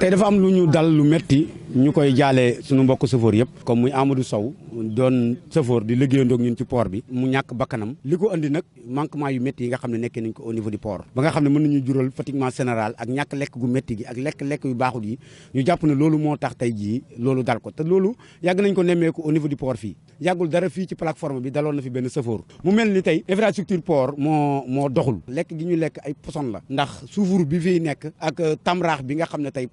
tey dafa am lu ñu dal lu metti ñu koy jaalee suñu mbokk chauffeur yëpp comme muy Amadou Sow doon chauffeur di liggéeyandoog ñun ci port bi mu ñàkk bakkanam li ko andi nag manquement yu métti yi nga xam ne nekkee nañ ko au niveau du ba nga xam ne mën nañu jural fatiguement général ak ñàkk lekk gu métti gi ak lekk-lekk yu baaxul yi ñu moo tax tey jii loolu dal ko te loolu yàgg nañ ko nemmeeku au niveau du port fii yàggul dara fii ci plateforme bi daloon na fi benn chauffeur mu mel ni tey infrastructure port moo moo doxul lekk gi ñu lekk ay poson la ndax suufur bi fiy nekk ak tamraax bi nga xam ne tey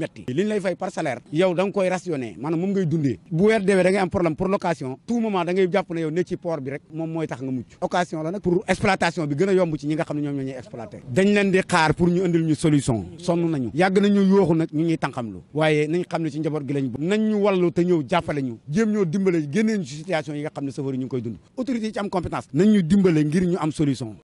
métti li ñu lay fay par salaire yow da nga koy rationné maanaam moom ngay dundee bu weer deewee da ngay am problème pour location tout moment da ngay jàpp ne yow ne ci port bi rek moom mooy tax nga mucc occasion la nag ne ñoom ñoo ñuy exploité dañ leen di xaar pour ñu indil ñu solution sonn nañu yàgg nañu yooxu nag ñu ñuy waaye nañ xam ne ci njaboot gi lañ b nañ ñu wallu te ñëw jàppale ñu jéem ñoo dimbale génnee ñu ci yi nga xam ne safari ñu ngi koy dund autorité yi ci am compétence nañ ñu dimbale ngir am solution